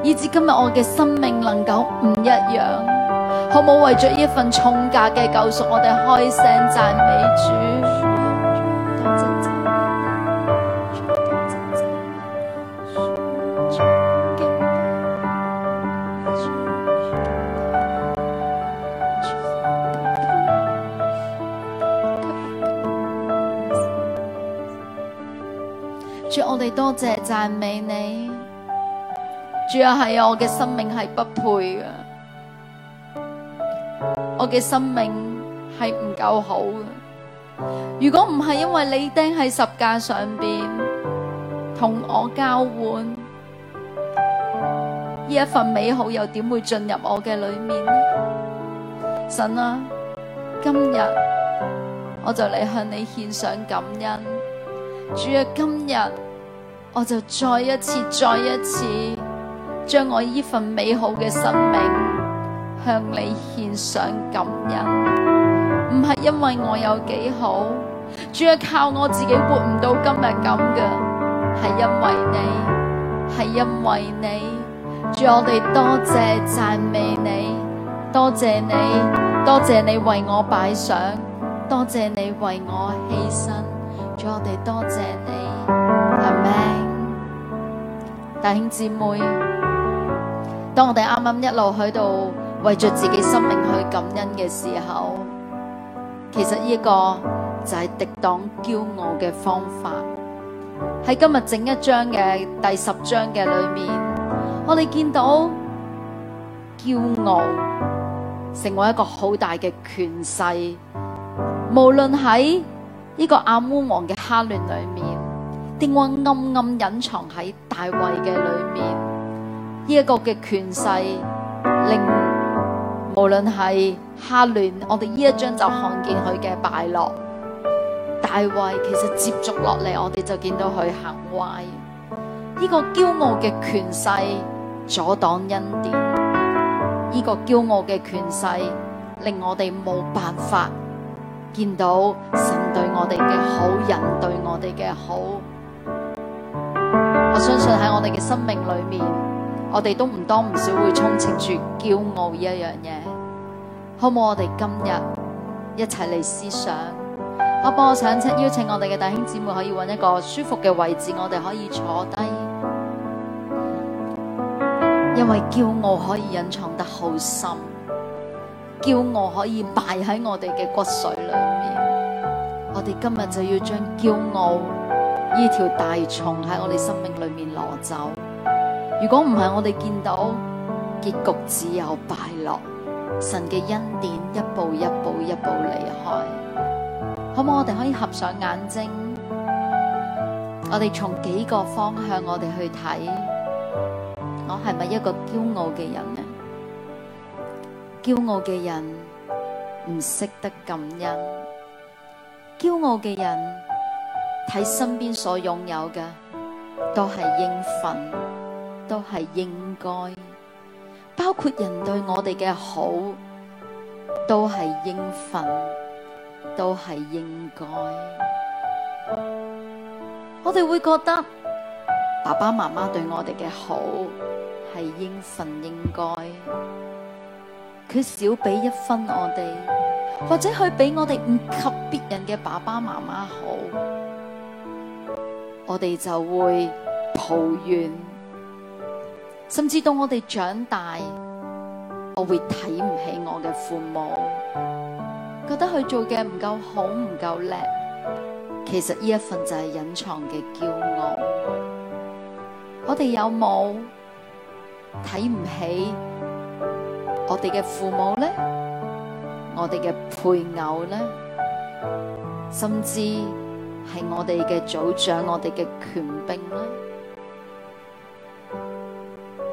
以至今日我嘅生命能夠唔一樣。好，冇為咗呢份重價嘅救贖，我哋開聲讚美主。主，我哋多謝讚美你，主啊，係我嘅生命係不配嘅。我嘅生命係唔夠好嘅，如果唔係因為你釘喺十架上邊同我交換，呢一份美好又點會進入我嘅裏面呢？神啊，今日我就嚟向你獻上感恩，主啊，今日我就再一次、再一次將我呢份美好嘅生命。向你獻上感恩，唔係因為我有幾好，主要靠我自己活唔到今日咁嘅，係因為你，係因為你，祝我哋多謝讚美你，多謝你，多謝你為我擺上，多謝你為我犧牲，祝我哋多謝你，阿們，弟兄姊妹，當我哋啱啱一路喺度。為着自己生命去感恩嘅時候，其實呢一個就係抵擋驕傲嘅方法。喺今日整一章嘅第十章嘅裏面，我哋見到驕傲成為一個好大嘅權勢，無論喺呢個亞捫王嘅哈嫩裏面，定或暗暗隱藏喺大衛嘅裏面，呢、這、一個嘅權勢令。無論係哈嫩，我哋呢一章就看見佢嘅敗落；大衛其實接續落嚟，我哋就見到佢行壞。呢、這個驕傲嘅權勢阻擋恩典，呢、這個驕傲嘅權勢令我哋冇辦法見到神對我哋嘅好，人對我哋嘅好。我相信喺我哋嘅生命裏面。我哋都唔多唔少會充斥住驕傲呢一樣嘢，好唔好？我哋今日一齊嚟思想，好唔好？我想請邀請我哋嘅弟兄姊妹可以揾一個舒服嘅位置，我哋可以坐低。因為驕傲可以隱藏得好深，驕傲可以埋喺我哋嘅骨髓裏面。我哋今日就要將驕傲呢條大蟲喺我哋生命裏面攞走。如果唔係我哋見到結局只有敗落，神嘅恩典一步一步一步離開，可唔可以我哋可以合上眼睛？我哋從幾個方向我哋去睇，我係咪一個驕傲嘅人呢？驕傲嘅人唔識得感恩，驕傲嘅人睇身邊所擁有嘅都係應份。都係應該，包括人對我哋嘅好，都係應份，都係應該。我哋會覺得爸爸媽媽對我哋嘅好係應份，應該，佢少俾一分我哋，或者佢俾我哋唔及別人嘅爸爸媽媽好，我哋就會抱怨。甚至到我哋長大，我會睇唔起我嘅父母，覺得佢做嘅唔夠好，唔夠叻。其實呢一份就係隱藏嘅驕傲。我哋有冇睇唔起我哋嘅父母咧？我哋嘅配偶咧？甚至係我哋嘅組長、我哋嘅權兵咧？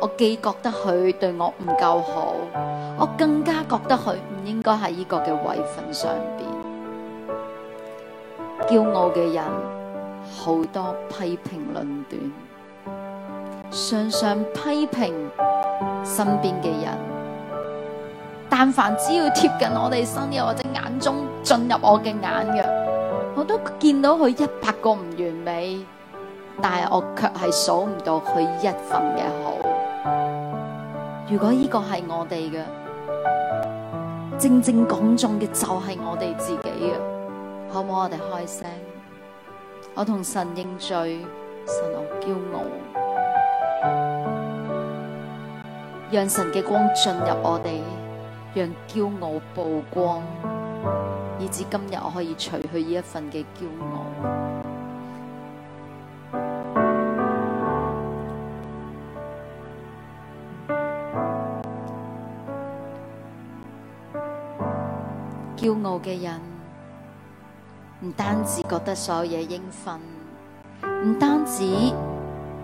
我既覺得佢對我唔夠好，我更加覺得佢唔應該喺呢個嘅位份上邊。驕傲嘅人好多批評論斷，常常批評身邊嘅人。但凡只要貼近我哋身嘅或者眼中進入我嘅眼嘅，我都見到佢一百個唔完美，但係我卻係數唔到佢一份嘅好。如果呢個係我哋嘅，正正講中嘅就係我哋自己嘅，可唔可以？我哋開聲，我同神認罪，神好驕傲，讓神嘅光進入我哋，讓驕傲曝光，以至今日我可以除去呢一份嘅驕傲。嘅人唔單止覺得所有嘢應分，唔單止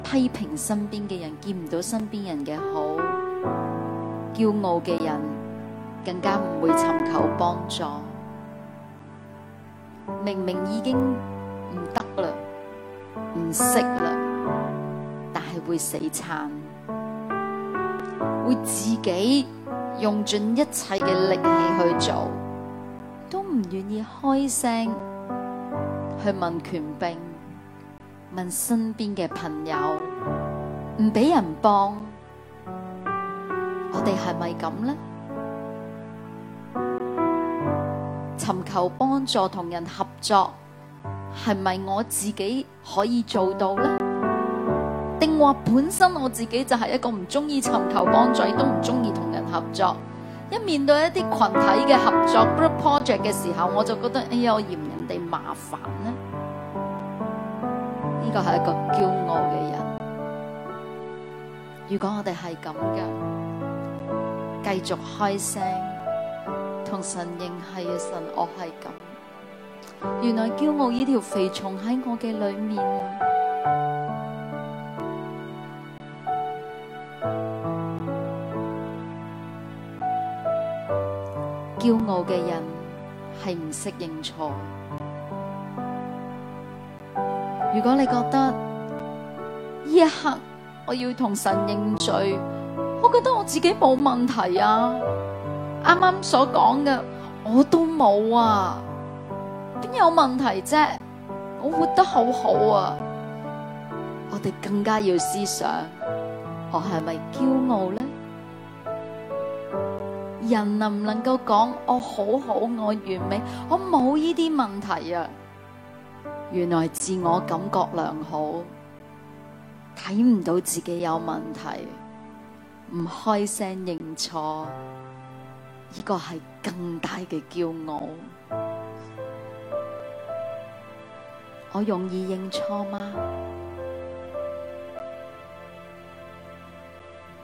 批評身邊嘅人，見唔到身邊人嘅好，驕傲嘅人更加唔會尋求幫助。明明已經唔得嘞，唔識嘞，但係會死撐，會自己用盡一切嘅力氣去做。都唔願意開聲去問權柄，問身邊嘅朋友，唔俾人幫，我哋係咪咁呢？尋求幫助同人合作，係咪我自己可以做到呢？定話本身我自己就係一個唔中意尋求幫助，亦都唔中意同人合作？一面對一啲群體嘅合作 group project 嘅時候，我就覺得哎呀，我嫌人哋麻煩呢。這」呢個係一個驕傲嘅人。如果我哋係咁嘅，繼續開聲同神認係嘅神，我係咁。原來驕傲呢條肥蟲喺我嘅裏面。驕傲嘅人係唔識認錯。如果你覺得呢一刻我要同神認罪，我覺得我自己冇問題啊。啱啱所講嘅我都冇啊，邊有問題啫？我活得好好啊。我哋更加要思想，我係咪驕傲咧？人能唔能夠講，我好好，我完美，我冇呢啲問題啊？原來自我感覺良好，睇唔到自己有問題，唔開聲認錯，呢個係更大嘅驕傲。我容易認錯嗎？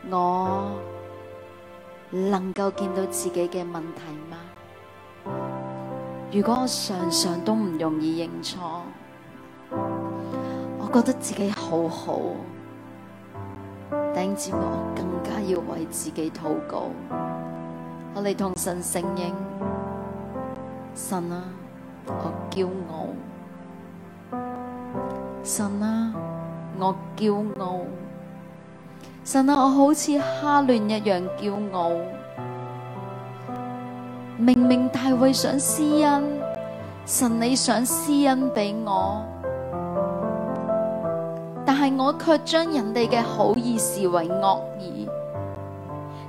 我。能夠見到自己嘅問題嗎？如果我常常都唔容易認錯，我覺得自己好好，頂住我更加要為自己禱告。我哋同神承認，神啊，我驕傲，神啊，我驕傲。神啊，我好似哈亂一樣驕傲。明明大衛想施恩，神你想施恩俾我，但係我卻將人哋嘅好意視為惡意，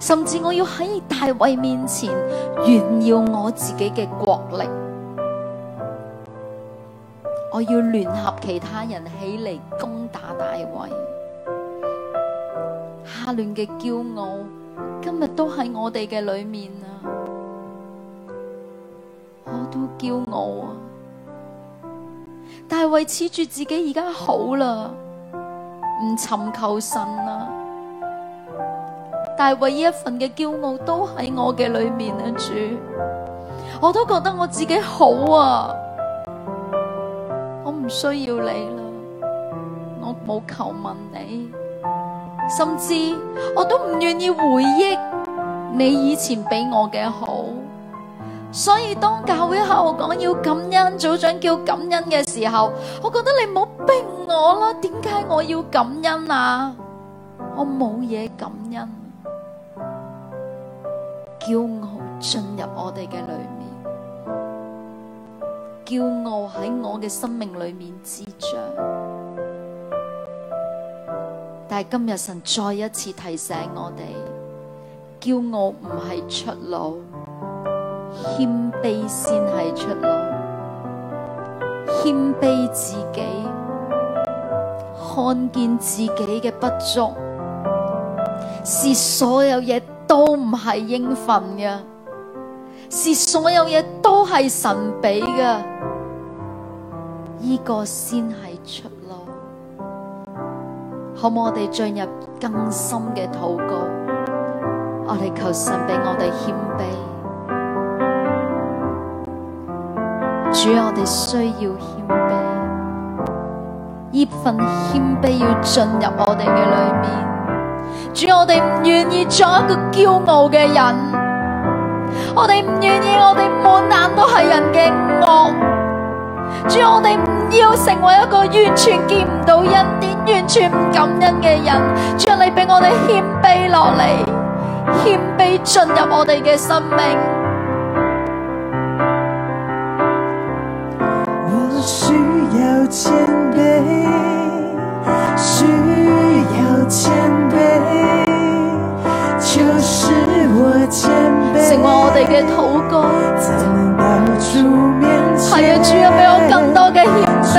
甚至我要喺大衛面前炫耀我自己嘅國力，我要聯合其他人起嚟攻打大衛。哈嫩嘅驕傲，今日都喺我哋嘅裏面啊！我都驕傲啊！大衛恃住自己而家好啦，唔尋求神啦！大衛呢一份嘅驕傲都喺我嘅裏面啊，主！我都覺得我自己好啊，我唔需要你啦，我冇求問你。甚至我都唔願意回憶你以前俾我嘅好，所以當教會下我講要感恩，組長叫感恩嘅時候，我覺得你冇逼我啦，點解我要感恩啊？我冇嘢感恩。驕傲進入我哋嘅裏面，驕傲喺我嘅生命裏面滋長。但係今日神再一次提醒我哋，驕傲唔係出路，謙卑先係出路。謙卑自己，看見自己嘅不足，是所有嘢都唔係應份嘅，是所有嘢都係神俾嘅，依、這個先係出路。可唔可以我哋進入更深嘅禱告？我哋求神俾我哋謙卑。主，我哋需要謙卑，呢份謙卑要進入我哋嘅裏面。主，我哋唔願意做一個驕傲嘅人。我哋唔願意我哋滿眼都係人嘅惡。主，我哋唔要成為一個完全見唔到人。完全唔感恩嘅人，將你俾我哋謙卑落嚟，謙卑進入我哋嘅生命。我需要謙卑，需要謙卑，就是我謙卑。成為我哋嘅土哥，他也居然俾我更多嘅謙卑。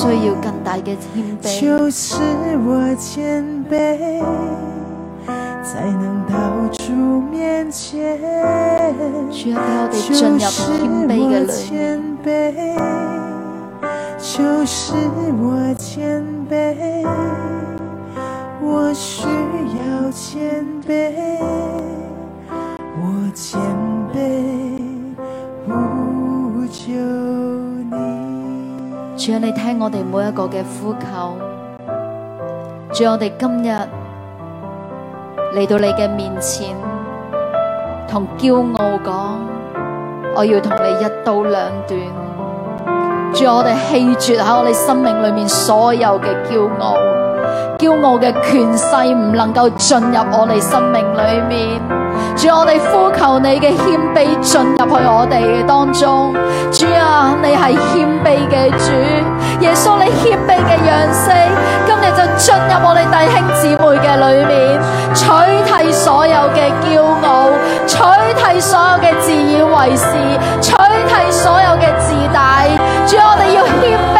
需要更大嘅謙卑。求賜我謙卑，才能到主面前。就是我謙卑，就是我謙卑，就是我謙卑，就是我謙卑，就是我謙卑，我需要謙卑，我謙卑。主啊，你聽我哋每一個嘅呼求，主啊，我哋今日嚟到你嘅面前，同驕傲講，我要同你一刀兩斷。主啊，我哋棄絕喺我哋生命裏面所有嘅驕傲，驕傲嘅權勢唔能夠進入我哋生命裏面。主，我哋呼求你嘅謙卑進入去我哋嘅當中，主啊，你係謙卑嘅主，耶穌你謙卑嘅樣式，今日就進入我哋弟兄姊妹嘅裏面，取替所有嘅驕傲，取替所有嘅自以為是，取替所有嘅自大，主，我哋要謙卑。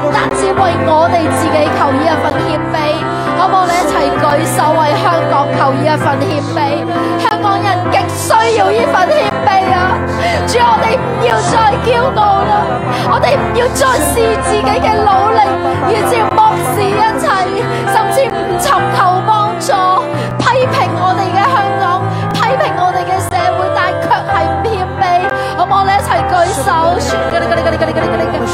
單止為我哋自己求依一份謙卑，可唔可以一齊舉手為香港求依一份謙卑？香港人極需要依份謙卑啊！主要我哋唔要再驕傲啦，我哋唔要再試自己嘅努力，而要漠視一切，甚至唔尋求。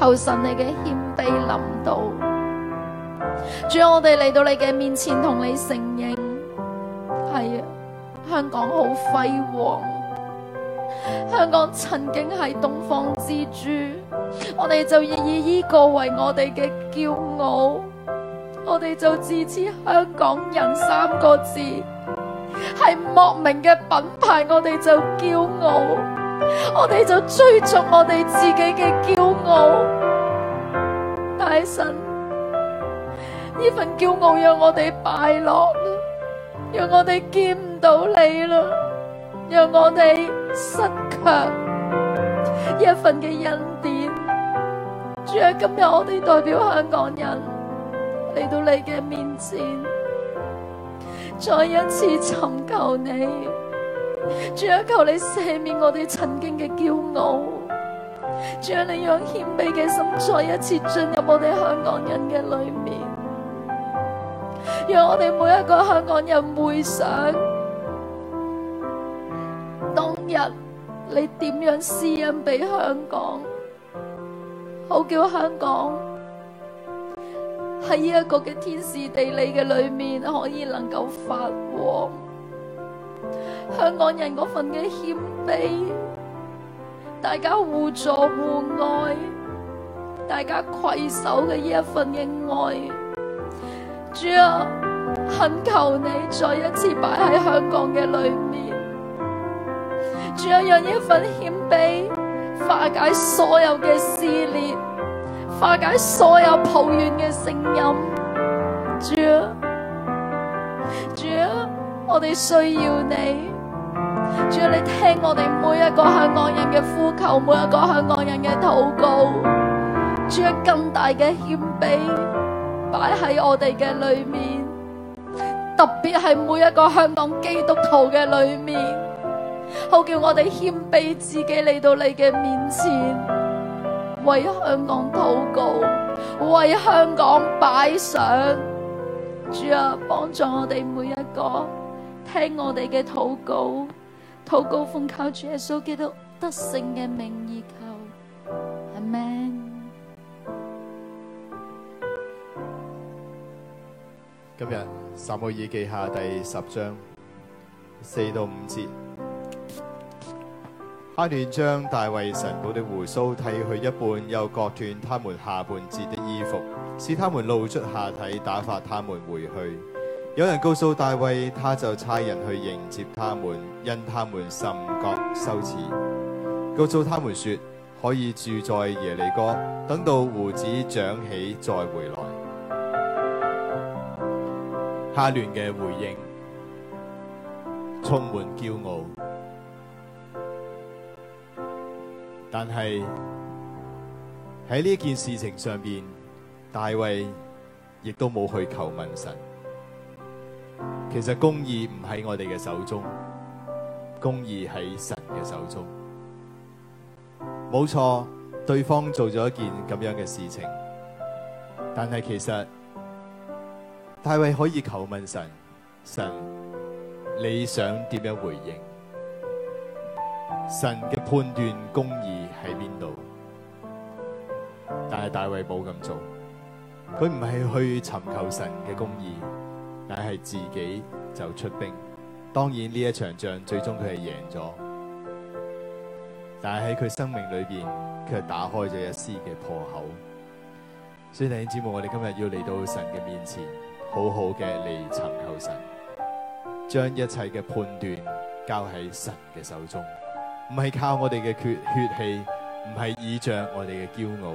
求神你嘅謙卑臨到，主啊，我哋嚟到你嘅面前同你承認，係啊，香港好輝煌，香港曾經係東方之珠，我哋就以以依個為我哋嘅驕傲，我哋就自稱香港人三個字，係莫名嘅品牌，我哋就驕傲，我哋就追逐我哋自己嘅驕傲。驕傲，大神，呢份驕傲讓我哋敗落啦，讓我哋見唔到你啦，讓我哋失卻一份嘅恩典。主啊，今日我哋代表香港人嚟到你嘅面前，再一次尋求你，主啊，求你赦免我哋曾經嘅驕傲。主你讓謙卑嘅心再一次進入我哋香港人嘅裏面，讓我哋每一個香港人回想當日你點樣施恩俾香港，好叫香港喺呢一個嘅天時地利嘅裏面可以能夠發旺，香港人嗰份嘅謙卑。大家互助互愛，大家攜手嘅呢一份嘅愛，主啊，懇求你再一次擺喺香港嘅裏面，主啊，讓呢一份謙卑化解所有嘅撕裂，化解所有抱怨嘅聲音，主啊，主啊，我哋需要你。主啊，你聽我哋每一個香港人嘅呼求，每一個香港人嘅禱告。主啊，將更大嘅謙卑擺喺我哋嘅裏面，特別係每一個香港基督徒嘅裏面，好叫我哋謙卑自己嚟到你嘅面前，為香港禱告，為香港擺上。主啊，幫助我哋每一個，聽我哋嘅禱告。禱告奉靠住耶穌基督得勝嘅名義求，阿門。今日撒母耳記下第十章四到五節，哈亂將大衛神堡的胡鬚剃去一半，又割斷他們下半截的衣服，使他們露出下體，打發他們回去。有人告訴大衛，他就差人去迎接他們，因他們甚覺羞恥。告訴他們說，可以住在耶利哥，等到鬍子長起再回來。哈嫩嘅回應充滿驕傲，但係喺呢件事情上邊，大衛亦都冇去求問神。其實公義唔喺我哋嘅手中，公義喺神嘅手中。冇錯，對方做咗一件咁樣嘅事情，但係其實大衛可以求問神，神你想點樣回應？神嘅判斷公義喺邊度？但係大衛冇咁做，佢唔係去尋求神嘅公義。但係自己就出兵，當然呢一場仗最終佢係贏咗，但係喺佢生命裏邊，佢係打開咗一絲嘅破口。所以弟兄姊妹，我哋今日要嚟到神嘅面前，好好嘅嚟尋求神，將一切嘅判斷交喺神嘅手中，唔係靠我哋嘅血血氣，唔係倚仗我哋嘅驕傲，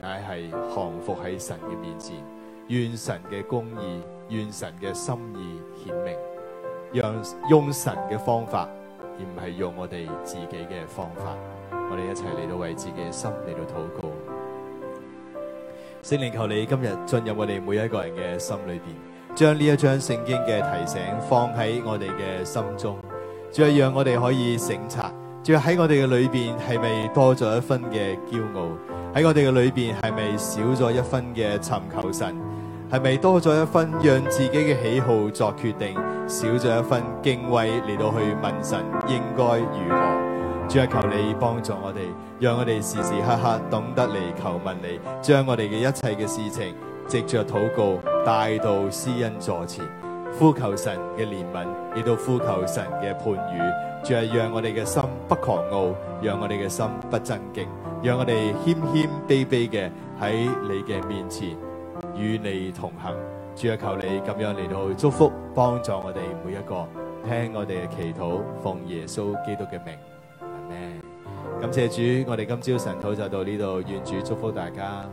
乃係降服喺神嘅面前。願神嘅公義，願神嘅心意顯明，讓用神嘅方法，而唔係用我哋自己嘅方法。我哋一齊嚟到為自己嘅心嚟到禱告。聖靈，求你今日進入我哋每一個人嘅心裏邊，將呢一章聖經嘅提醒放喺我哋嘅心中，再讓我哋可以省察，再喺我哋嘅裏邊係咪多咗一分嘅驕傲？喺我哋嘅裏邊係咪少咗一分嘅尋求神？係咪多咗一分讓自己嘅喜好作決定？少咗一分敬畏嚟到去問神應該如何？主求你幫助我哋，讓我哋時時刻刻懂得嚟求問你，將我哋嘅一切嘅事情藉着禱告帶到施恩座前，呼求神嘅憐憫，亦都呼求神嘅判語。主係讓我哋嘅心不狂傲，讓我哋嘅心不震驚，讓我哋謙謙卑卑嘅喺你嘅面前與你同行。主啊，求你咁樣嚟到祝福幫助我哋每一個，聽我哋嘅祈禱，奉耶穌基督嘅名，阿門。感謝主，我哋今朝晨禱就到呢度，願主祝福大家。